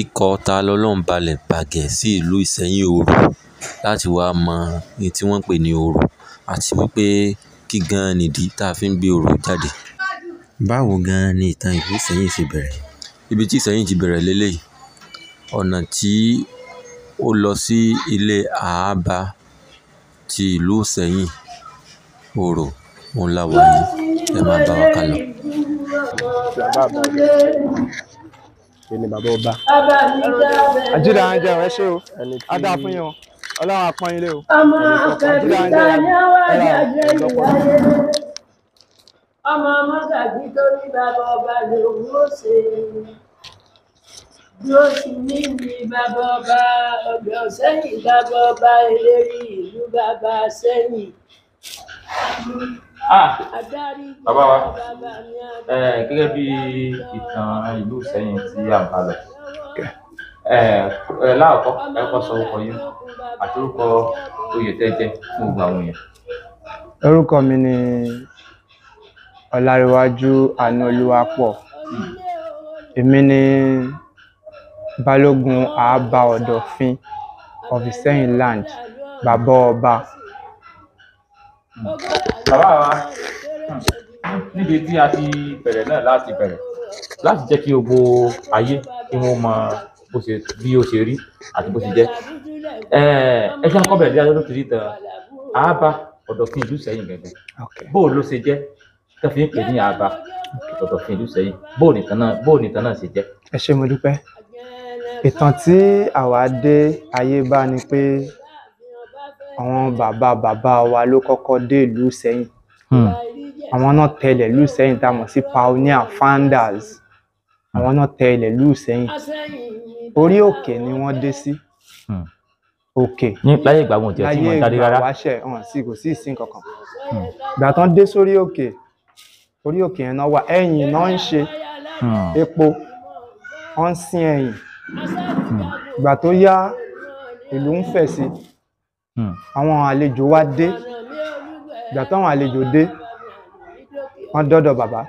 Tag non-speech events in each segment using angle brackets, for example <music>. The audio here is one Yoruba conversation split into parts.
ikọ̀ ta-lọlọ́run-balẹ̀ bàgẹ́ sí ìlú Ìsẹ́yìn Òru láti wáá mọ ohun tí wọ́n ń pè ní Orò àti wípé kí gan-an nìdí tá a fi ń gbé Orò jáde. Báwo gan-an ni ìtàn ìlú Ìsẹ́yìn ṣe bẹ̀rẹ̀? Ibi tí Ìsẹ́yìn ti bẹ̀rẹ̀ leléyìí. Ọ̀nà tí ó lọ sí ilé Àábá ti ìlú Ìsẹ́yìn Òro, òun la wà yìí. Ẹ máa bá wa ká lọ ṣe ni bàbá ọba. àjídà ń jẹun ẹ ṣé o adá fún yín o ọlọ́run àpọ́n ilé o. ọmọ àkàbí táyà wà jàjẹ́ ìyáyé ọmọ ọmọ tàbí torí bàbá ọba lòun ó ṣe dúró sí níbi bàbá ọba ọ̀dọ̀ sẹ́yìn bàbá ọba eléré ìlú bàbá sẹ́yìn. Ah, bàbá wa eh, gẹ́gẹ́ bí ìtàn ìlú Ìṣẹ̀yìn tí a bá lọ eh, eh, láàkọ́ ẹ̀kọ́ sọ orúkọ yín àti orúkọ oyè tẹ́ jẹ́ fún gbogbo àwọn èèyàn. orúkọ mi ni ọ̀làríwájú ànáolúwapọ̀ èmi ni balógun àábà ọ̀dọ̀fin of Ìṣẹ̀yìn land bàbá ọba bàbá wa níbi tí a ti bẹ̀rẹ̀ náà láti bẹ̀rẹ̀ láti jẹ́ kí gbogbo ayé kí wọ́n mọ bó ṣe bí ó ṣe rí àti bó ṣe jẹ́ ẹ ṣe ń kọ́ bẹ̀rẹ̀ lórí tìrí tán àábà ọ̀dọ̀fin ìlú sẹ́yìn gẹ̀gẹ̀ bó ló ṣe jẹ́ tó fi ń pè ní àábà ọ̀dọ̀fin ìlú sẹ́yìn bó nìkan náà bó nìkan náà ṣe jẹ́. ẹ ṣé mo dúpẹ́ ìtàn tí àwa dé ayé bá ni pé àwọn bàbá bàbá wa ló kọ́kọ́ dé ìlú Ìṣẹ̀yìn hmm. àwọn náà tẹlẹ̀ ìlú Ìṣẹ̀yìn tá a mọ̀ sí pioneer founders àwọn náà tẹlẹ̀ ìlú Ìṣẹ̀yìn orí òkè ni wọ́n dé sí hmm. òkè láyé ìgbà wọn ò tiẹ̀ tí wọ́n dá dé rárá láyé ìgbà wáṣẹ̀ hàn sí kò sí ìsìn kankan hmm. ìgbà tán dé sórí òkè orí òkè yẹn náà wà ẹ̀yìn náà ń ṣe epo wọ́n ń sin ẹ̀yìn ìgbà tó yá ìlú ń fẹ̀ sí i. Hmm. àwọn àlejò wá dé ìgbà táwọn àlejò dé wọ́n dọ́dọ̀ bàbá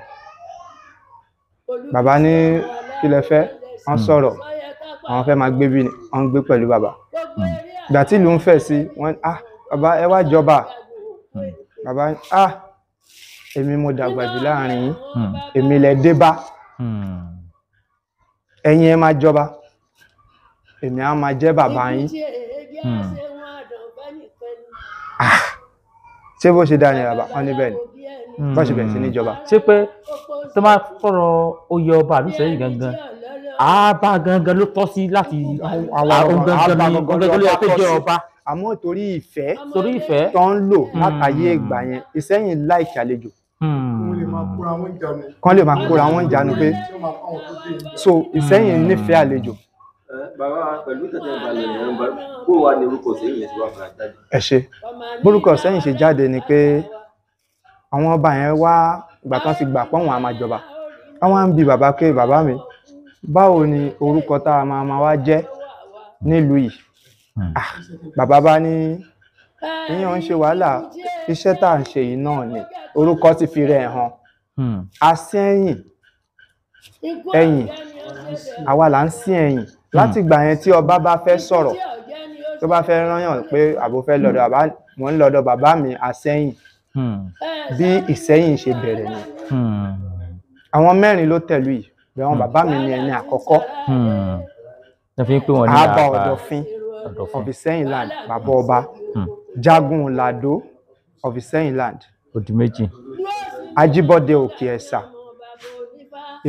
bàbá ní kí lẹ fẹ́ wọ́n hmm. sọ̀rọ̀ àwọn fẹ́ máa gbé bí wọ́n ń gbé pẹ̀lú bàbá hmm. ìgbà tí ìlú ń fẹ̀ sí wọ́n ah bàbá ẹ wá jọba bàbá ah èmi mo dàgbà jù láàrin yín èmi lẹ dé bá ẹ̀yin ẹ máa jọba èmi á máa jẹ́ bàbá yín. ṣé bó ṣe dáa yẹn bàbá wọn níbẹ̀ ni bọ́n ṣe bẹ̀rẹ̀ sí níjọba. ṣé pé tó máa fọ̀rọ̀ oyè ọba àbí sẹ́yìn gangan àbá gangan ló tọ́ sí láti àwọn gangan ní gangan ló yẹ kó jẹ́ ọba. àmọ́ torí ìfẹ́ torí ìfẹ́ tó ń lò hmm. látàyè ìgbà yẹn Ìsẹ́yìn láìkí àlejò hmm. kán lè máa kóra wọn jánu pé so Ìsẹ́yìn nífẹ̀ẹ́ àlejò ẹ ṣe bórúkọ sẹ́yìn ṣe jáde ni pé àwọn ọba yẹn wá ìgbà kan ti gbà pọ́nwọ́n a máa jọba àwọn ń bi bàbá pé bàbá mi báwo ni orúkọ tá a máa máa wá jẹ́ nílùú yìí hmm. ah, bàbá bá ní ìyẹn ń ṣe wàhálà iṣẹ́ tá à ń ṣe yìí náà ni orúkọ ti fi rẹ̀ hàn hmm. asẹ́yìn ẹ̀yìn àwa là ń sìn ẹ̀yìn láti ìgbà yẹn tí ọba bá fẹ́ sọ̀rọ̀ tó bá fẹ́ rányàn pé àbò fẹ́ lọ́dọ̀ bàbá mò ń lọ́dọ̀ bàbá mi àsẹ́yìn bí ìsẹ́yìn ṣe bẹ̀rẹ̀ ni àwọn mẹ́rin ló tẹ̀lú yìí bẹ́ẹ̀ wọn bàbá mi ni ẹni àkọ́kọ́ àbá ọ̀dọ̀fin of Ìsẹ́yìn land bàbá ọba hmm. jagun làdó of Ìsẹ́yìn land odi méjì òkè ẹ̀sà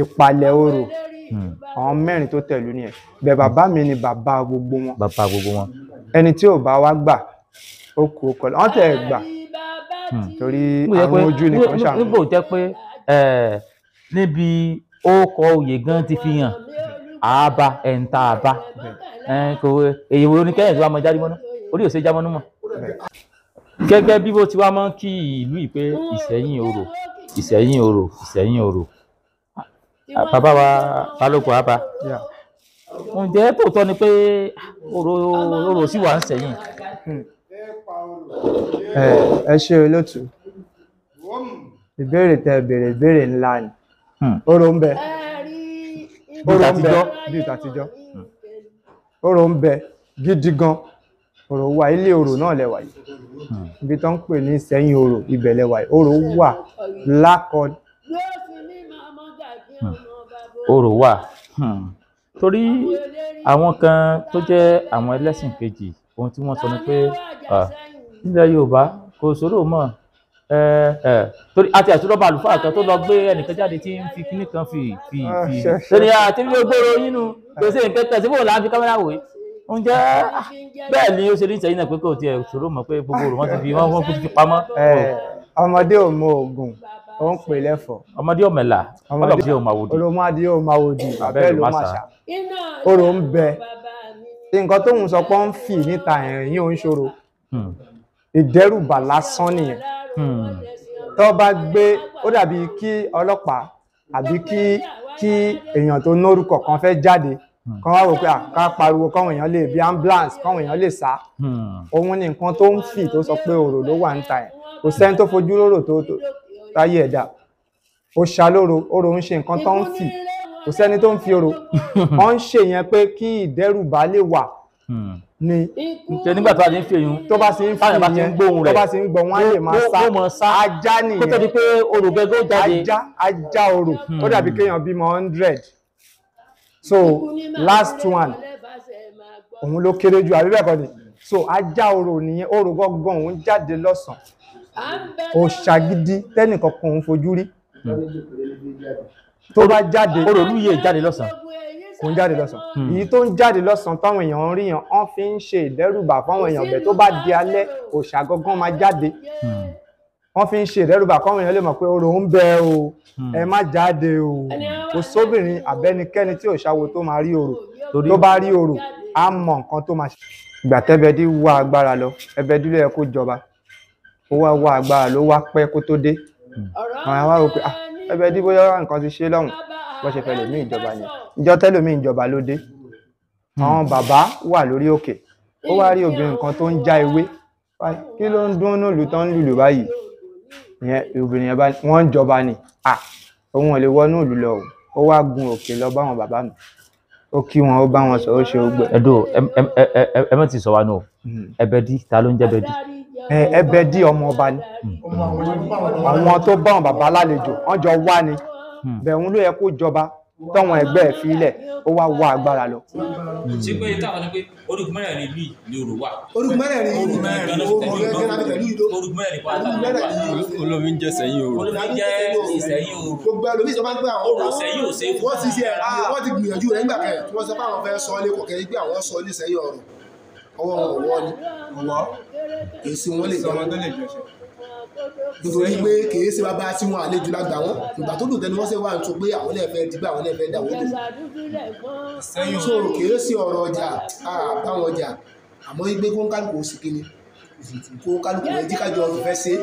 ìpàlẹ̀ orò Hmm. àwọn mẹ́rin tó tẹ̀lú nìyẹn bẹ́ẹ̀ bàbá mi ni bàbá gbogbo wọn. bàbá gbogbo wọn. ẹni tí ò bá wá gbà ó kú ó kọlẹ̀ wọ́n tẹ̀ gbà hmm. torí àwọn ojú nìkan ṣàmì. níbo jẹ́ pé níbi ó kọ oyè gan ti fi hàn àbá ẹ̀ǹta àbá kò èyí wo ni kẹ́yìn tó wá mọ jáde mọ́nú orí ò ṣe já mọ́nú mọ́. gẹ́gẹ́ bí bó ti wá mọ́ kí ìlú ìpè Ìṣẹ̀yìn Orò Ìṣẹ̀yìn Orò Ìṣẹ̀yìn Orò Ah, bàbá wa balógun àbá ǹjẹ́ tòótọ́ ni pé orò sì wà ń sẹ́yìn. ẹ ṣe olótú ìbéèrè tẹ béèrè ìbéèrè ńlá ni hmm. orò ń bẹ orò ń bẹ bí ìtàtijọ́ orò ń bẹ gidi gan orò wà ilé orò náà lẹ́wà yìí hmm. ibi tó ń pè ní Ìsẹ́yìn orò ibẹ̀ lẹ́wà yìí orò wà lákọ̀ọ́ Hmm. orò wà hmm. torí àwọn kan tó jẹ́ àwọn ẹlẹ́sìn kejì ohun tí wọ́n sọ ni pé nílẹ̀ Yorùbá kò sóró mọ́ torí àti àtúrọ́bà àlùfáà kan tó lọ gbé ẹnìkan jáde tí ń fi kíní kan fi fi ah, fi torí àti bí ó gbòòrò yínú gbèsè nǹkan kan síbò là ń fi kámẹ́rà wò oúnjẹ bẹ́ẹ̀ ni ó ṣe ní ìtẹ̀yìn náà pé kò tiẹ̀ sòrò mọ̀ pé gbogbo òrò wọn ti fi wọ́n fi pamọ́. ọmọdé ò mọ oògùn ó ń pè lẹ́fọ̀. ọmọdé ò mẹ́la ọlọ́mọdé ò máa wòdì. ọlọ́mọdé ò máa wòdì abẹ́ ló máa ṣá. oró ń bẹ nǹkan tóun sọ pé ó ń fì níta ẹ̀rìn yìí ò ń ṣòro hmm. ìdẹ́rùbà lásán nìyẹn hmm. tó bá gbé ó dàbí kí ọlọ́pàá àbí kí kí èèyàn tó nórúkọ kan fẹ́ jáde hmm. kan wá wò pé ká pariwo káwọn èèyàn lè bí ambulance káwọn èèyàn lè sá òun ni nǹkan tó ń fì tó sọ pé òrò ló wà ń ta ẹ̀ kò sẹ́ni tó fojú lóró tó táyé ẹ̀dá ó ṣàlóró oró ń ṣe nǹkan tó ń fì kò sẹ́ni tó ń fi oró <laughs> wọ́n ń ṣe yẹn pé kí ìdẹ́rùbà lè wà hmm. ni. tẹ nígbà tó a ti ń fi eyín tó bá ti ń fi yẹn tó bá ti ń gbọ́ wọn á lè máa sá ajá nìyẹn kó tó di pé oró gẹ́gẹ́ ó jáde ajá ajá oró ó dàbí hmm. kéèyàn bímọ hundred so last one òun ló kéré jù àbí bẹ́ẹ̀ kọ́ ni so ajá oró nìyẹn oró gọ́gọ́ òun jáde lọ́sàn-án òṣàgídí tẹ́nìkan kan òun fojú rí tó bá jáde ó ròlú yìí jáde lọ́sàn-án kò ń jáde lọ́sàn-án hmm. èyí tó ń jáde lọ́sàn-án táwọn èèyàn ń rí yàn wọ́n fi ń ṣe ìdẹ́rùbà fáwọn èèyàn bẹ́ẹ̀ tó bá di alẹ́ òṣà gangan máa jáde wọ́n fi ń ṣe ìdẹ́rùbà fáwọn èèyàn lè mọ̀ pé orò ń bẹ o hmm. ẹ má jáde o kò sóbìnrin àbẹ́nikẹ́ni tí òṣà wo tó máa rí orò tó bá rí orò á mọ nǹkan tó máa ṣe. ìgbà tẹ́bẹ̀dí wá agbára lọ ẹbẹ̀dí ló kó jọba ó wá wá agbára ló wá pẹ́ kó tó dé àwọn àwa rò pé ah ẹbẹ dí bóyá nǹkan ti ṣe lọ́hùn bó ṣe fẹ́ lòmí ìjọba yẹn ìjọ tẹ́lòmí ìjọba ló dé àwọn hmm. bàbá wà lórí òkè ó wá rí obìnrin kan tó ń já ewé kí ló ń dún nílùú tó ń lùlù báyìí ìyẹn obìnrin yẹn bá wọ́n ń jọba ni ah òun ò lè wọnú ìlú lọ ó wá gun òkè lọ bá àwọn bàbá mi ó kí wọn ó bá wọn sọ ó ṣe ó gbẹ. ẹdùn ẹ ẹ ẹ ẹ mọ ti sọ wa nù hmm. ẹbẹdí ta ló ń jẹ bẹdí ẹbẹ dí ọmọ ọba ni àwọn tó bá wọn bàbá lálejò wọn jọ wá ni hmm. bẹ̀rù ló yẹ kó jọba tọ́wọn ẹgbẹ́ ẹ̀ filẹ̀ ó wá wá agbára lọ. Hmm. ṣé pé táwọn ni pé orúkọ mẹ́rẹ̀ẹ̀rin ìlú ni òrò wà. orúkọ mẹ́rẹ̀ẹ̀rin ìlú orúkọ mẹ́rẹ̀ẹ̀rin pàtàkì. olómi ń jẹ sẹ́yìn òrò. olómi ń jẹ sẹ́yìn òrò. gbogbo ẹlòmí sọ máa ń pẹ́ àwọn òrò sẹ́yìn òsè. wọ́n ti ṣe wọ́n ti gbìyànjú rẹ̀ nígbà kẹ́ẹ̀ wọ́n sọ pé àwọn fẹ́ sọ ilé kọ̀kẹ́ ọwọ́ wọn ọwọ́ ni ọwọ́ èsì wọn lè jẹun nítorí pé kìí ṣe bàbá tí wọn àlejò lágbà wọn ìgbà tó dùn tẹnu wọn ṣe wà ń tún pé àwọn náà fẹ́ dìgbà àwọn náà fẹ́ dà wọ́n dùn so kìí ṣe ọ̀rọ̀ ọjà àbáwọn ọjà àmọ́ igbe kó ń kálukú sí kí ni kó kálukú rẹ̀ jí kájọ ọ̀rọ̀ fẹ́ ṣe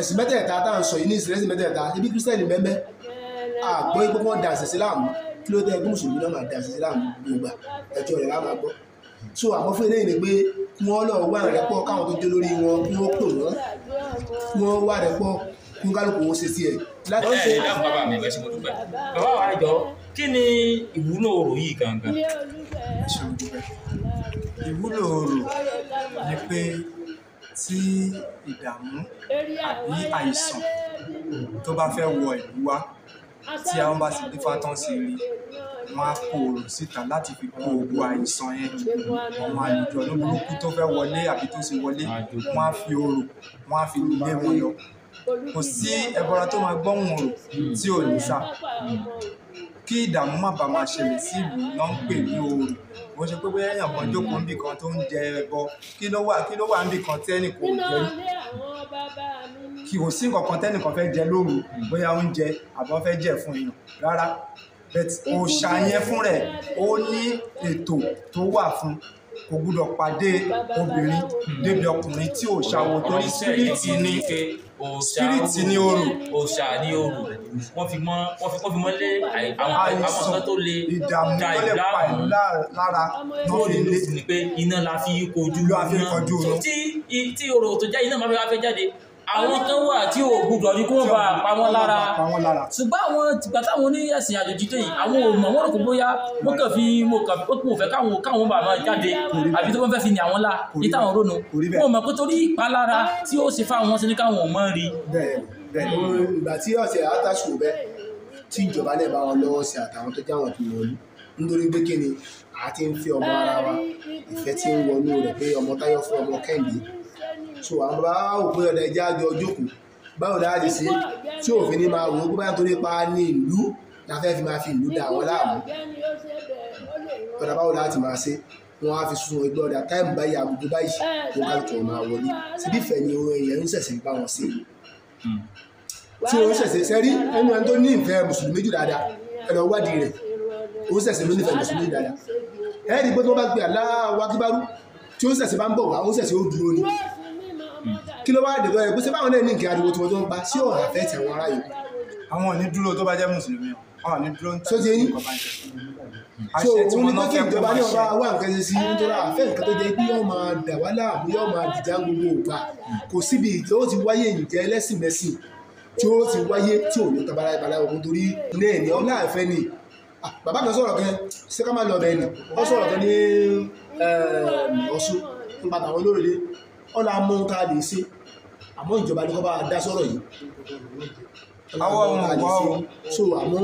ẹ̀sìn mẹ́tẹ̀ẹ̀ta tá sọ yìí ní ìsìlẹ̀ mẹ́tẹ̀ẹ̀ta ibi kírísítẹ́nì mẹ́mẹ́ àgbọ̀ ìgbọ́kọ̀ dà àṣẹ̀ṣẹ̀ kí ló dé ẹgbẹ́ mùsùlùmí náà máa dà àṣẹ̀ṣẹ̀ gbogbo ẹjọ́ rẹ̀ àgbọ̀ so àwọn fún eléyìí ni pé kí lọ wá rẹ̀pọ̀ káwọn tó jó lórí wọn kí wọ́n pè wọ́n kí wá rẹ̀pọ̀ kí kálukú wọn ṣe tiẹ̀. láti ṣe ẹ dáhùn bàbá mi ẹ mo dúpẹ́ bàbá wa jọ kí ni ìwúlò orò yìí gangan. ìwúlò orò ni pé tí ìdààmú àbí àìsàn tó bá fẹ́ wọ ìlú wa tí ahọ́n bá ti bí fátán sí rí wọn á kó oòrùn síta láti fi kó oògùn àìsàn yẹn àwọn àlùjọ ló burúkú tó fẹ́ wọlé àbí tó ṣe wọlé wọn á fi oòrùn wọn á fi lé wọn lọ kò sí ẹbọra tó máa gbọ́hùn oòrùn tí ò ní sá kí ìdààmú má bàa máa ṣẹlẹ̀ sí ìlú náà ń pè ní oòrùn kò ń ṣe pé bóyá èèyàn kan jókòó níbì kan tó ń jẹ ẹbọ kí ló wà kí ló wà níbì kan tẹ́nì kò jẹ kì ó sí kankan tẹ́nì kan fẹ́ jẹ lóru bóyá oúnjẹ àbọ̀ fẹ́ jẹ fún èèyàn rárá òòṣà yẹn fún rẹ̀ ó ní ètò tó wà fún kò gbúdọ̀ pàdé obìnrin débi ọkùnrin tí òòṣà wò torí síríìtì ní spiriti ní oru òòṣà ní oru wọ́n fi mọ́ wọ́n fi wọ́n fi mọ́ lé àwọn àwọn kan tó lè da ìdáàmú lára lórí ilé ni pé iná la fi kojú iná tí tí orò tó jẹ́ iná máa fẹ́ jáde àwọn kan wà tí ò gbúdọ̀ ní kó wọ́n bá pa wọ́n lára ṣùgbọ́n àwọn ìgbà táwọn ní ẹ̀sìn àjòjì tẹ̀yìn àwọn ò mọ̀ wọ́n rò kó bóyá wọ́n kàn fi mo kàn ó kún òfẹ́ káwọn káwọn bá máa jáde àbí tó wọ́n fẹ́ fi ní àwọn la ní táwọn rónu wọ́n mọ̀ pé torí ìpalára tí ó ṣe fáwọn ṣe ní káwọn ò mọ̀ rí. bẹ́ẹ̀ bẹ́ẹ̀ ìgbà tí ọ̀sẹ̀ àtàṣù bẹ́ẹ̀ tí ìjọba náà bá wọn lọ́wọ́ sí àtàwọn tó jáwọn tó wọlé nítorí pé kíni àti ń fi ọmọ so àwọn bàbá wa wò pé àjọ ojókòó báwo la lè ṣe tí òfin ní máa wò ó pé torí pa ní ìlú la fi máa fi ìlú dà wọ́n láàmú ọ̀dà báwo la máa ṣe wọn á fi sun ẹgbẹ́ ọ̀dà táìmù báyìí àgùdù báyìí tó bá tó máa wọlé síbí ìfẹ́ ni ohun ẹ̀yẹ ń ṣẹ̀ṣẹ̀ ń bá wọn ṣe tí wọ́n ṣẹ̀ṣẹ̀ sẹ́rí ẹnu ẹni tó ní ìfẹ́ mùsùlùmí jù dáadáa ẹ̀rọ wádìí rẹ̀ òun ṣẹ̀ṣẹ̀ ló nífẹ̀ẹ́ kí ló wá dé lọ́yẹ̀ pé ṣé báwọn náà ní nǹkan ariwo tí wọ́n tó ń pa sí ọ̀rọ̀ àfẹ́ tẹ̀wọ̀n ara yìí. àwọn ò ní dúró tó bá jẹ́ mùsùlùmí wọn ò ní dúró ń tẹ̀lé nǹkan bá ń ṣe. so òun ni pé kí ìjọba ní ọba wà nǹkan ṣe sí nítorí àfẹ́ nǹkan tó jẹ́ pé yóò máa dà wá láàmú yóò máa dìjà gbogbo ògbà kò síbi tí ó ti wáyé ìjẹ́ ẹlẹ́sìn mẹ́sìn tí ó ti wáyé tí ò ní tabara ìbàlá òun torí ilé ẹ̀ ní ọlá àfẹ́ ah, bàbá kan sọ̀rọ̀ kan ṣé ká má lọ ọ̀dọ̀ ẹ̀ nì sọ̀rọ̀ kan ní Ọ̀ṣun nípa tàwọn olóòrèlé ọ̀là amóhuntà lè ṣe àmọ́ ìjọba ní kọ́ bá dá sọ́rọ̀ yìí àwọn ọmọ wa o so àmọ́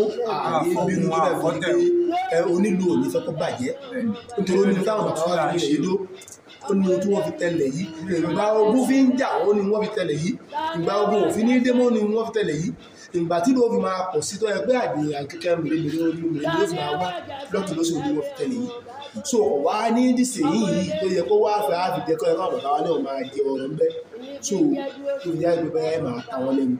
ààyè bínú tó bẹ̀ fún pé onílù òní fẹ́ kó bàjẹ́ nítorí onílù táwọn bàbá wa fi ṣe dó ó ní ohun tí wọ́n fi tẹ̀lẹ̀ yìí ìgbà ogun fi ń jà ó ní wọ́n fi tẹ̀lẹ̀ yìí ìgbà ogun òfin ní démọ́ ni wọ́n fi tẹ̀lẹ̀ yìí ìgbà tí ló fi máa pọ̀ sí tó yẹ pé àdè àkẹ́kẹ́ mèremère ojú mèremère ló fi máa wá lọ́tún lóṣù tó wọ́n fi tẹ̀lé yìí so wá ní dísìnyí yìí tó yẹ kó wá fẹ́ àfi jẹ́ kọ́ ẹ̀ka bàbá wa náà máa jẹ ọ̀rọ̀ ń bẹ́ so tó fi jáde pé ẹ máa ta wọn lẹ́nu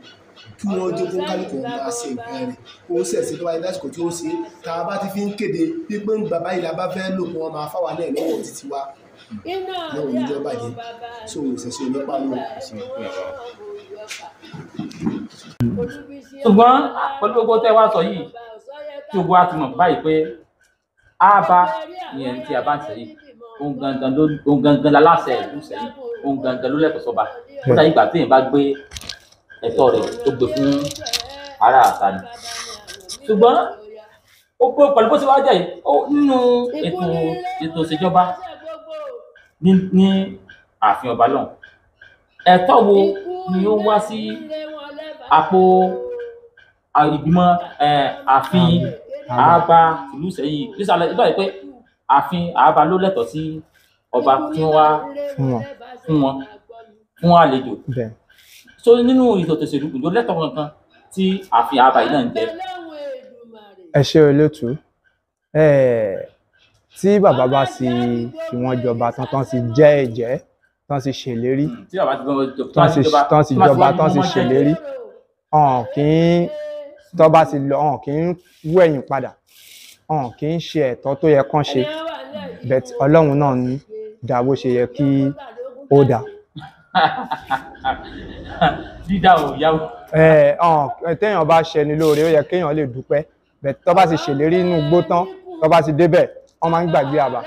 kí wọ́n jókòó kálukú ọ̀hún bá ṣe nǹkan rẹ̀ ó ń ṣẹ̀ṣẹ̀ tó bá yẹ lásìkò tí ó ṣe tá a bá ti fi ń kéde pípé ń bàbá ìlà bá fẹ́ lò kí wọ́n máa fáwa náà lọ́wọ́ títí wa lọ́wọ́ oníjọba yẹn so ìṣẹ̀ṣẹ̀ nípa ló ń ṣe ṣùgbọ́n pẹ̀lú gbogbo tẹ́ wá sọ yìí tí gbogbo wa ti mọ̀ báyìí pé ààbà yẹn tí a bá ń sẹ́ yìí òun gangan ló òun gangan la láṣẹ ìlú sẹ́yìn òun gangan ló lẹ́tọ̀ọ́ sọ́ba ó dàbí ìgbà téèyàn bá gbé ẹ̀tọ́ rẹ̀ tó gbé fún ará àta ni ṣùgbọ́n ó pé pẹ̀lú bó ṣe wá jẹ́ nínú ètò ètò ìṣèjọba ní ààfin ọba ẹ̀tọ́ wo ni ó wá sí àpò ìgbìmọ̀ ààfin ààbà ìlú Ìṣẹ̀yìn nísàlẹ̀ nígbà yìí pé ààfin ààbà ló lẹ́tọ̀ọ́ sí ọba tí wọ́n wá fún wọn fún àlejò so nínú ìtòtò ìṣèlú kò lẹ́tọ̀ọ́ kankan tí ààfin ààbà yìí náà ń jẹ. ẹ ṣe olóòtú tí bàbá bá sì fi wọn jọba tán tán sì jẹ ẹ̀jẹ́ tán sì ṣèlérí hmm, tán sì jọba tán sì ṣèlérí ọ̀n kì í tó bá ti lọ ọ̀n kì í wú ẹ̀yìn padà ọ̀n kì í ṣe ẹ̀tọ́ tó yẹ kán ṣe bẹ̀t ọlọ́run náà ní dà bó ṣe yẹ kí ó dà. <laughs> dídá ò yá o. ẹ ọ̀n téèyàn bá ṣẹni lóore ó yẹ kéèyàn lè dúpẹ́ bẹ̀t tó bá ti ṣèlérí inú igbó tán tó bá débẹ̀ wọ́n máa ń gbàgbé àbá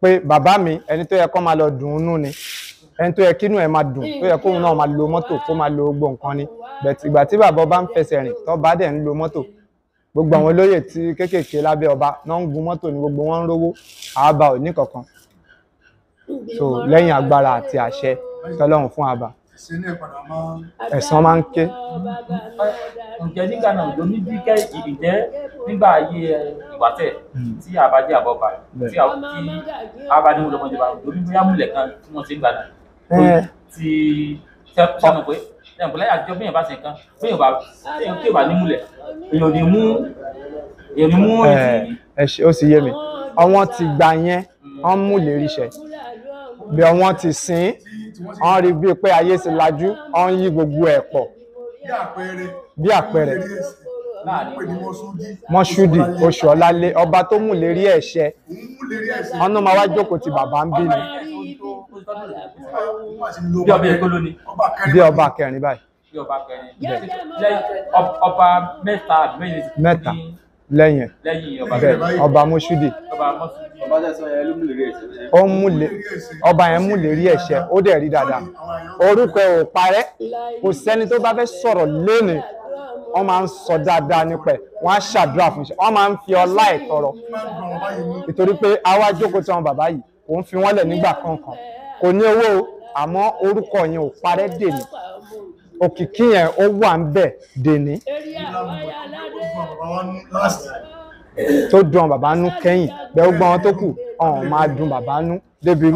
pé bàbá mi ẹni tó yẹ kán máa lọ dùn ún nú ni ẹni tó yẹ kínú ẹ máa dùn tó yẹ kóun náà máa lo mọ́tò kó máa lo gbogbo nǹkan ni bẹ̀tì ìgbà tí bàbá ọba ń fẹsẹ̀ rìn tó bá dẹ̀ ń lo mọ́tò gbogbo àwọn olóyè tí kéékèèké lábẹ́ ọba náà ń gun mọ́tò ni gbogbo wọn ń rówó àábà ò ní kankan so lẹ́yìn agbára àti àṣẹ tọ́lọ́run fún àbá ẹ̀sán máa ń ké. ǹjẹ́ nígbà náà ló ní bí kẹ́ ìjẹ́ nígbà ayé ìwàtẹ̀ hmm. tí àbájẹ́ àbọ̀bà tí àbájẹ́ olùmọ̀jọba ló ní bóyá múlẹ̀ kan tí wọ́n ti ń gbà náà ti ṣe mọ̀ pé ṣe mọ̀ pé láyé àjọ bẹ́ẹ̀ bá ṣe nǹkan bẹ́ẹ̀ bá bẹ́ẹ̀ tí ò bá ní múlẹ̀ èèyàn ní mú èèyàn ní mú ètì. ẹ ṣe ó sì yé mi àwọn ti gbà yẹn wọn mú lérí ṣe bí wọn ti sìn wọn rí bíi pé ayé ti lajú wọn yí gbogbo ẹ̀ pọ̀ bí àpẹẹrẹ mọ́ṣúdì oṣù ọ̀làlẹ̀ ọba tó mú lérí ẹ̀ṣẹ̀ ọ̀nà máa wá jókòó ti bàbá ń bí ni bí ọba kẹrin báyìí ọba mẹ́ta mẹ́ta lẹ́yìn bẹ́ẹ̀ ọba mọ́ṣúdì ọba yẹn mú lérí ẹ̀ṣẹ̀ ó dẹ̀ rí dáadáa orúkọ ẹ̀ ò parẹ́ kò sẹ́ni tó bá fẹ́ sọ̀rọ̀ lónìí wọ́n máa ń sọ dáadáa nípa ẹ̀ wọ́n á ṣàdúrà fún iṣẹ́ wọ́n máa ń fi ọlá ẹ̀ tọrọ nítorí pé àwa jókòó tí wọn bàbá yìí kò ń fi wọ́n lẹ̀ nígbà kankan kò ní owó àmọ́ orúkọ yẹn ò parẹ́ dèní òkìkí yẹn ó wà ń bẹ̀ dèní tó dùn bàbá nú kẹ́yìn bẹ́ẹ̀ ó gbọ́n wọn tó kù ọ̀hún máa dùn bàbá nú débi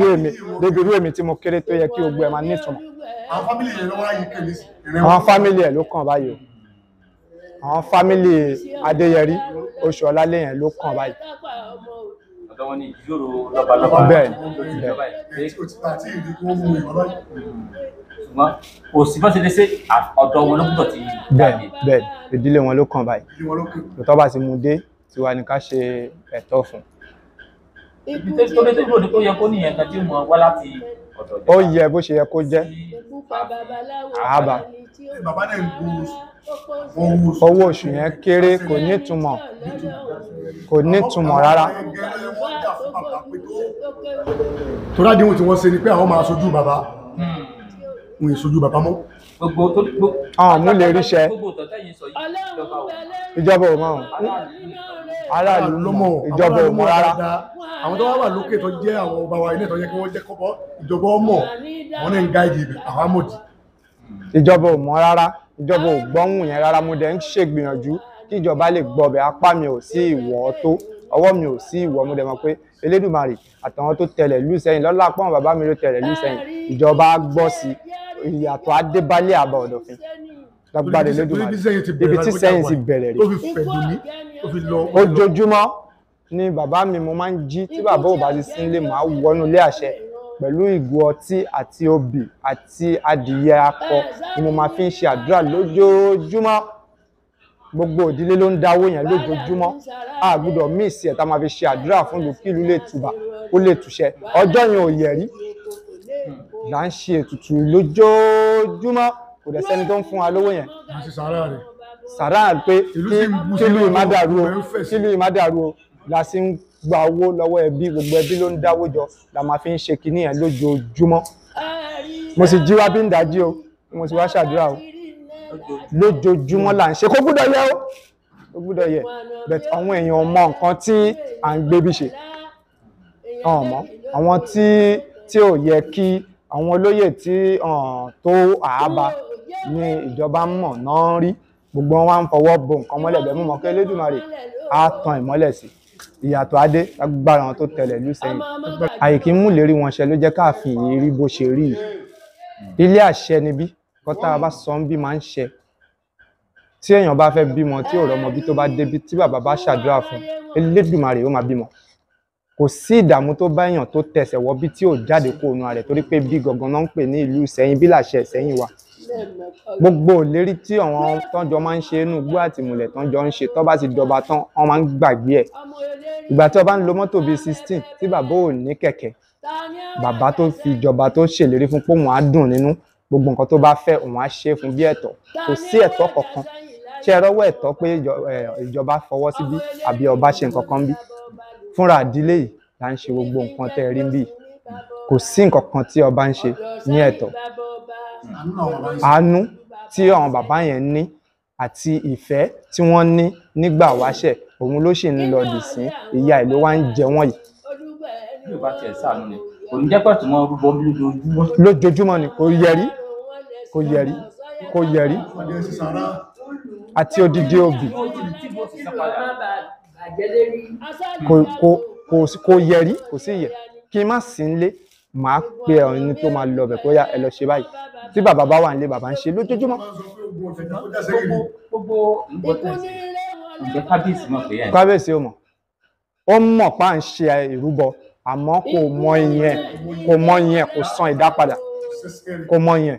irú èmi tí mo kéré tó yẹ kí gbogbo ẹ̀ máa nítumọ̀ àwọn fámìlì ẹ̀ ló kàn báyìí àwọn fámìlì adéyẹrí oṣù ọlálẹyìn ló kàn báyìí. ọ̀dọ́ wọn ni ìjíròrò lọ́balọ́ba bẹ́ẹ̀ ni ṣùgbọ́n kò sí bá ṣe lè ṣe ọ̀dọ́ wọn lọ́kùtọ̀ tí. bẹ́ẹ̀ ìdílé wọn ló kàn báyìí tó bá ti mú dé tiwa ni ká ṣe ẹ̀tọ́ fún. ibi tó lè tó lè tó yẹ kó nìyẹn kan tí mo wá láti ó yẹ bó ṣe yẹ kó jẹ́ àhábà owó oṣù yẹn kéré kò nítumọ̀ kò nítumọ̀ rárá. torí àdéhùn tí wọ́n ṣe ni pé àwọn máa ṣojú bàbá hmm. wọn ìṣojú bàbá mọ́. àwọn ah, mú lè ríṣẹ́ ìjọba ò máa aráàlú ló mọ̀ ìjọba ò mọ̀ rárá àwọn tó wá wà lókè tó jẹ́ àwọn ọba wa ilé tó yẹ kí wọ́n jẹ́ kọ́bọ́ ìjọba ọmọ wọn ní ga ìdìbò àwọn amòdì. ìjọba ò mọ̀ rárá ìjọba ò gbọ́hùn yẹn rárá mo dẹ̀ ń ṣègbìyànjú kí ìjọba lè gbọ́bẹ̀ apá mi ò sí ìwọ̀ tó ọwọ́ mi ò sí ìwọ̀ mo dẹ̀ mọ̀ pé Elédùmarè àtàwọn tó tẹ̀lẹ̀ lù sẹ́yìn lọ́lá lágbára Elédùmarè ibi tí sẹ́yìn ti bẹ̀rẹ̀ rí. ó ni bàbá mi mo máa ń jí tí bàbá ò bá ti sí nílé màá wọnú ilé àṣẹ pẹ̀lú ìgò ọtí àti obì àti adìyẹ akọ ni mo máa fi ń ṣe àdúrà lójoojúmọ́ gbogbo ìdílé ló ń dáwó yẹn lójoojúmọ́ a gbọ́dọ̀ míìsì ẹ̀ tá a máa fi ṣe àdúrà fún ìlú kí ìlú lè tùbà ó lè túṣẹ ọjọ́ yẹn ò yẹ̀ là ń ṣe ètùtù lójoojúmọ́ kò dẹ̀ sẹ́ni tó ń fún wa lówó yẹn. sàrà pé kílù ìmádàrú o kílù ìmádàrú o la sì ń gba owó lọ́wọ́ ẹbí gbogbo ẹbí ló ń dáwó jọ la máa fi ń ṣe kinní yẹn lójoojúmọ́ mo sì jí wá bí ń dájí o mo sì wá ṣàdúrà o lójoojúmọ́ là ń ṣe kó gbúdọ̀ yẹ o kó gbúdọ̀ yẹ but àwọn èèyàn mọ nǹkan tí à ń gbébí ṣe ọmọ àwọn tí tí ò yẹ kí àwọn olóyè tí tó àábá ní ìjọba ń mọ̀ náà ń rí gbogbo wọn wá ń fọwọ́ bo nǹkan mọ́lẹ̀ bẹ́ẹ̀ mú mọ́ kí Elédùmarè á tan ìmọ́lẹ̀ sí ìyàtọ̀ adé lágbára wọn tó tẹ̀lẹ̀ ìlú Ìsẹ́yìn àyíkí mú lérí wọn ṣe ló jẹ́ káàfin yìí rí bó ṣe rí yìí ilé àṣẹ níbí kọ́tà bá sọ ń bí máa ń ṣe tí èèyàn bá fẹ́ bímọ tí ò rọmọ bí tó bá débi tí bàbá bá ṣàdúrà fún Elédùmarè ó máa bímọ kò sí ìdààmú tó bá èèyàn tó tẹsẹ̀ wọ bí tí ò jáde kó onú rẹ̀ torí pé bí gangan náà ń pè ní ìlú Ìsẹ́yìn bí làṣẹ Ìsẹ́yìn wà gbogbo ìlérí tí àwọn tọ́jọ́ máa ń ṣe inú igbó àtìmùlẹ̀ tọ́jọ́ ń ṣe tó bá ti dọba tán wọ́n máa ń gbàgbé ẹ̀ ìgbà tí ọba ń lo mọ́tò bíi sixteen tí bàbá ò ní kẹ̀kẹ́ bàbá tó fi ìjọba tó ṣèlérí fún pé òun á dùn nínú gbogbo nǹkan tó bá fẹ́ òun á ṣe é fún bí ẹ̀tọ́ kò sí ẹ̀tọ́ kankan ṣé ẹ rọ́wọ́ ẹ̀tọ́ pé ìjọba fọwọ́ síbí àbí ọba ṣe nǹkan kan bí fúnra ìdílé yìí là ń ṣe gbogbo nǹkan tẹ́ ẹ rí bí kò sí nǹkan tí ọba ń ṣe ní ẹ̀tọ́ àánú tí àwọn bàbá yẹn ní àti ìfẹ́ tí wọ́n ní nígbà wáṣẹ̀ òun ló sì ń lòdì sí ìyà ẹ̀ ló wá ń jẹ wọ́n yìí. kò ní jẹ́ pẹ̀tù mọ́ rúbọ lójoojúmọ́. lójoojúmọ́ ni kò yẹrí kò yẹrí kò yẹrí àti odidi obì kò kò kò yẹrí kò sí yẹ kí n má sí nílé màá pe àwọn ẹni tó máa lọ bẹ̀ kó yá ẹ lọ ṣe báyìí tí bàbá bá wà nílé bàbá ń ṣe lójoojúmọ́. gbogbo ǹjẹ́ kábíyèsí mọ̀ pé yẹn. kábíyèsí ò mọ̀ ó mọ̀ pa à ń ṣe ìrúbọ àmọ́ kò mọ ìyẹn kò mọ ìyẹn kò san ìdápadà kò mọ ìyẹn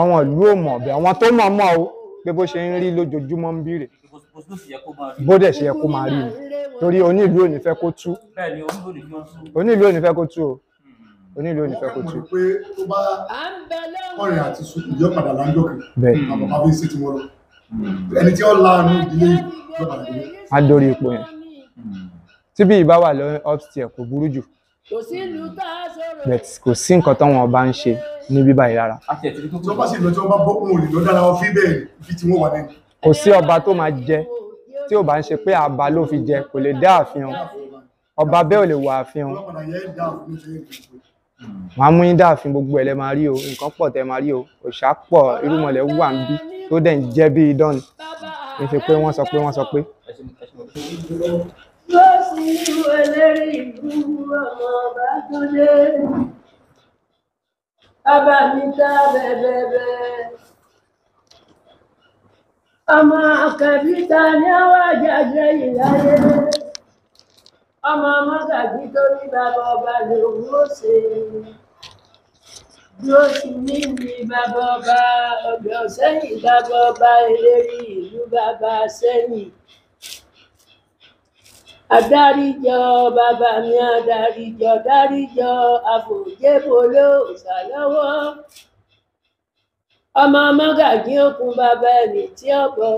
àwọn ìlú ò mọ̀ ọ̀bẹ àwọn tó mọ̀ mọ̀ o pé bó ṣe ń rí lójoojúmọ́ ń bí rè bó dẹ̀ ṣe yẹ kó máa rí ni torí onílù ò ní fẹ́ kó tú onílù ò ní fẹ́ kó tú o onílò onífẹ́ kò tí. pé tó bá ọ̀rẹ́ àti sùkùn yọ padà láńjọ kan àmọ́ bá fi ṣe ti wọn lọ ẹni tí ó láàánú ìdílé yọ padà délé. a dórí ipò yẹn tí bí ìbá wà lọ upstair kò burú jù but kò sí nǹkan táwọn bá ń ṣe ní bíbá yìí rárá. tó bá sì lọ tí wọn bá bọ́ òun lọ dára wọn fi bẹ́ẹ̀ ibi tí wọn wà lẹ́nu. kò sí ọba tó máa jẹ tí ò bá ń ṣe pé àbá ló fi jẹ kò lè dá àfihàn ọba bẹ́ẹ̀ ò lè wà àfihàn wọn á mú yín dáàfin gbogbo ẹ̀ lẹ́ máa rí o nǹkan pọ̀ tẹ́ máa rí o òṣà pọ̀ irúmọlẹ̀ wà ń bí tó dẹ̀ ń jẹ́ bí idán ni kì í ṣe pé wọ́n sọ pé wọ́n sọ pé. Bàbá mi ta bẹ̀bẹ̀bẹ̀, ọmọ kàbíta ni àwọn àjàjẹ́ yìí ọmọ mọ́gàjí tó ní bàbá ọba lòun ó ṣe dúró sí ní ní bàbá ọba ọ̀dọ̀ sẹ́yìn bàbá ọba eléré ìlú bàbá sẹ́yìn adáríjọ bàbá mi adáríjọ dáríjọ àfòjébolo òsàlọ́wọ́ ọmọ mọ́gàjí òkun bàbá ẹni tí ọ̀bọ.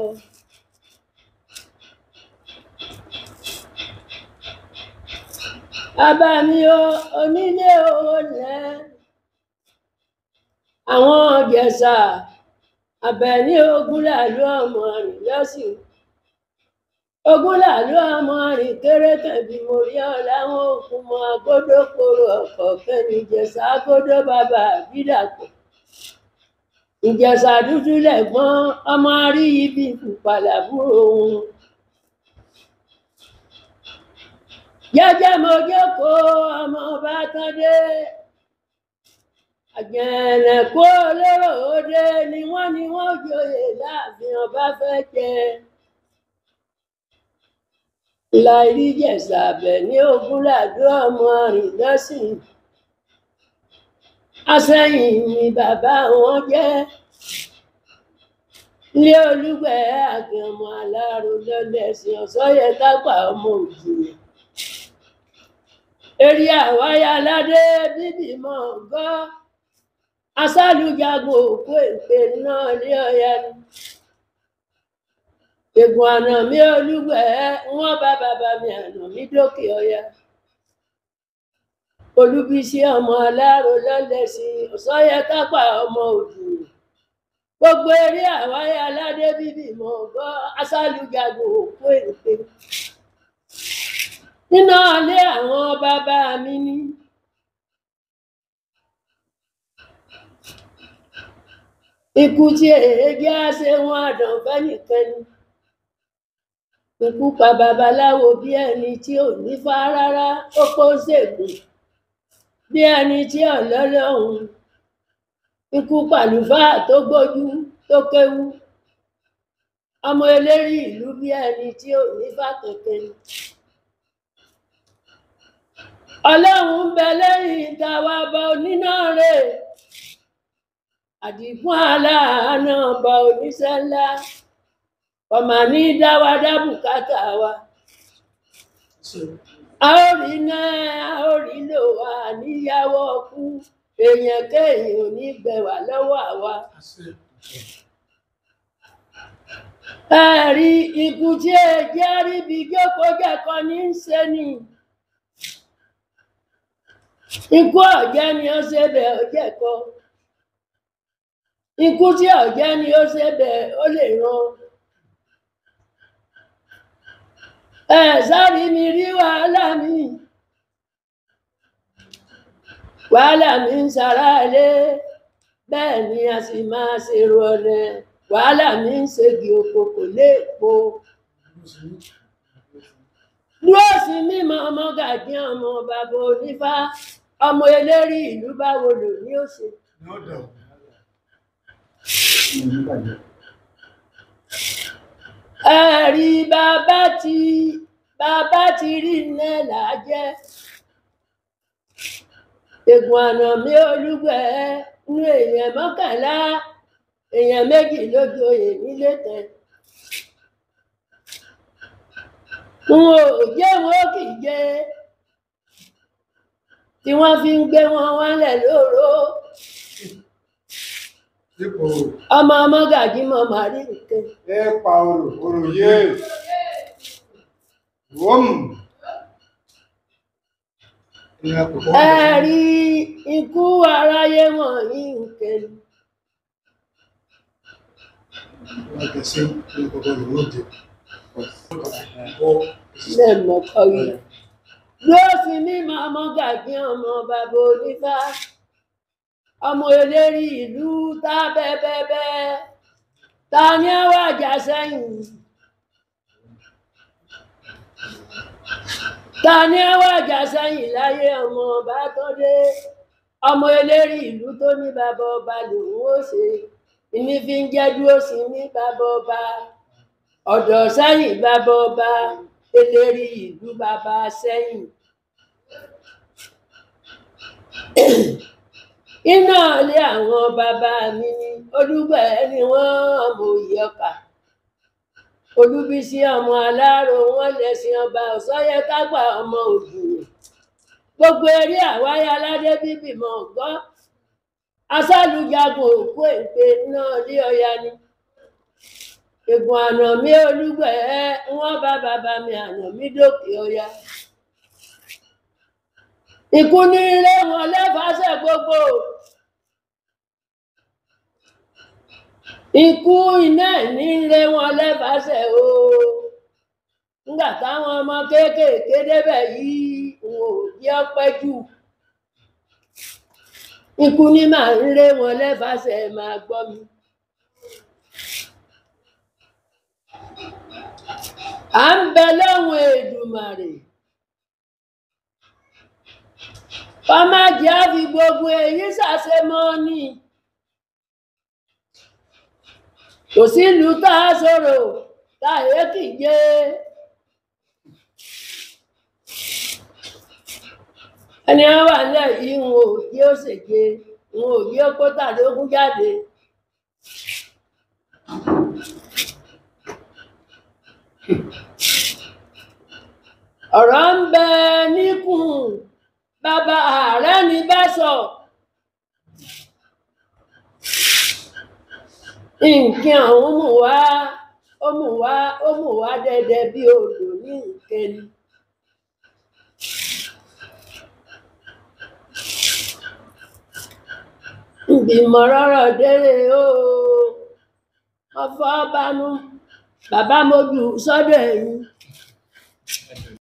bàbá mi o onílé olè àwọn ọjẹsà àbẹ̀ní ogunlàlú ọmọ rìn lọ́sìn ogunlàlú ọmọ rìn kérékèbí mo rí ọ láwọn òkú mọ agodo koro ọkọ kẹni ìjẹsà agodo bàbá àbídàpọ ìjẹsà dúdú lẹ̀gbọ́n ọmọ rí ibi ìpàlàbúrò wọn. jẹ́jẹ́ mo jókòó ọmọ ọba tán dé àjẹ̀nẹ̀kó lérò òde ni wọ́n ni wọ́n joyè láàfin ọba fẹ́ jẹ láìrí jẹ̀sà bẹ̀ ní ogúnládó ọmọ àrìndásìn asẹ́yìn ni bàbá wọn jẹ́ ilé olúgbẹ̀ẹ́ àgbẹ̀mọ̀ alárò lọ́lẹ̀ ẹ̀sìn ọ̀sọ́yẹ tápà ọmọ òjìyàn eré àwáyá aládé bíbí mọ ọgọ asálùjagun òkú èpè náà ní ọyá ni ègùn àná mi olúgbẹ wọn bá bàbá mi àná mi dókè ọyá olúbísí ọmọ aláró lọlẹsí ọsọyẹ kápá ọmọ òdù gbogbo eré àwáyá aládé bíbí mọ ọgọ asálùjagun òkú èpè náà iná ilé àwọn bàbá mi ni. ikú tí èéjì á ṣe wọn àdàn fẹ́nìkan ni ikú pa babaláwo bí ẹni tí ò nífá rárá ó kó ṣègùn bí ẹni tí ọlọ́lọ́hun ikú pàlùfáà tó gbójú tó kéwú ọmọ eléri ìlú bí ẹni tí ò nífá kankan ni ọlọ́run ń bẹ lẹ́yìn ìtawà ọba onínàárẹ̀ àdìgún aláàánú ọba oníṣẹ́lá ọmọ ní dáwàdá bùkátà wa a ó rí náà a ó rí lò wá níyàwó ọkú èèyàn kéèyàn ò ní gbẹwà lọ́wọ́ àwa ẹ̀rí ikú tí ẹ jẹ́ ríbi jókòó jẹ́kọ̀ọ́ ní í ṣe nìyí ikú ọ̀jẹ́ ni ó ṣe bẹ̀ ọ̀jẹ́ kọ ikú tí ọ̀jẹ́ ni ó ṣe bẹ̀ ó lè ran ẹ sáré mi rí wàhálà mi wàhálà mi ń sara ilé bẹ́ẹ̀ ni a sì máa ṣe rọlẹ wàhálà mi ń ṣègi oko kò léèpo dúró sí mímọ ọmọ gàdí ọmọ bàbá onífà ọmọ eléré ìlú báwo lò ní òsè. ẹ̀rí bàbá tí bàbá tí rí iná là á jẹ́ ègùn àná mi olúgbẹ́ nú èèyàn mọ́kànlá èèyàn méjì lójú oyè nílé tẹ n ò jẹ́ wọn kì í jẹ́ tí wọ́n fi ń gbé wọn wálẹ̀ lóró. ọmọ ọmọ gàjí mọ màrí nìkan. ẹ pa òrò òrò yé wọ́n. ẹ rí ikú aráyé wọ̀nyí nìkan. Like I said, we're going to do it. Let me call yóò fi mí máa mọ gàgí ọmọ bàbá onífá ọmọ eléré ìlú tá bẹ́ẹ̀bẹ́ẹ́bẹ́ ta ni ẹ wá jà sẹ́yìn ta ni ẹ wá jà sẹ́yìn láyé ọmọ ọba tó dé ọmọ eléré ìlú tó ní bàbá ọba lòun ó ṣe ìní fi ń jẹ́ dúró sí ní bàbá ọba ọ̀dọ̀ sẹ́yìn bàbá ọba eléré ìlú bàbá sẹ́yìn. iná ilé àwọn bàbá mi ni olúgbẹ̀ẹ́ ni wọ́n mọ òye ọkà olúbísí ọmọ aláró wọn lẹ̀sìn ọba ọ̀sọ́yẹ tágbà ọmọ ògùn gbogbo eré àwáyé aládé bíbí mọ̀ ń gbọ́ asálùjagun òkú èpè náà lé ọya ni egun àná mi olúgbẹ wọn bá bàbá mi àná mi dókè ọyá ikú ní ilé wọn lẹfàṣẹ gbogbo ikú iná ní ilé wọn lẹfàṣẹ o nígbà táwọn ọmọ kéékèèké débẹ̀ yìí n ò jẹ́ ọpẹ́ jù ikú ní màá ń lé wọn lẹfàṣẹ máa gbọ́ mi. à ń bẹ lọ́hùn Èdùmàrè ọmọdé á fi gbogbo èyí ṣàṣemọ́ni kò sílùú tá a sọ̀rọ̀ tá a yẹ kì í jẹ́. ẹni á wà lẹ́yìn wọn ò yí ó ṣègbè wọn ò yí ó kó tàdógún jáde. ọ̀rọ̀ ń bẹ níkùn bàbá ààrẹ ní bá sọ nǹkan ọ̀hún bí odò ní nǹkan ìgbìmọ̀ rọ́rọ̀ délé o ọfọ́ bánú bàbá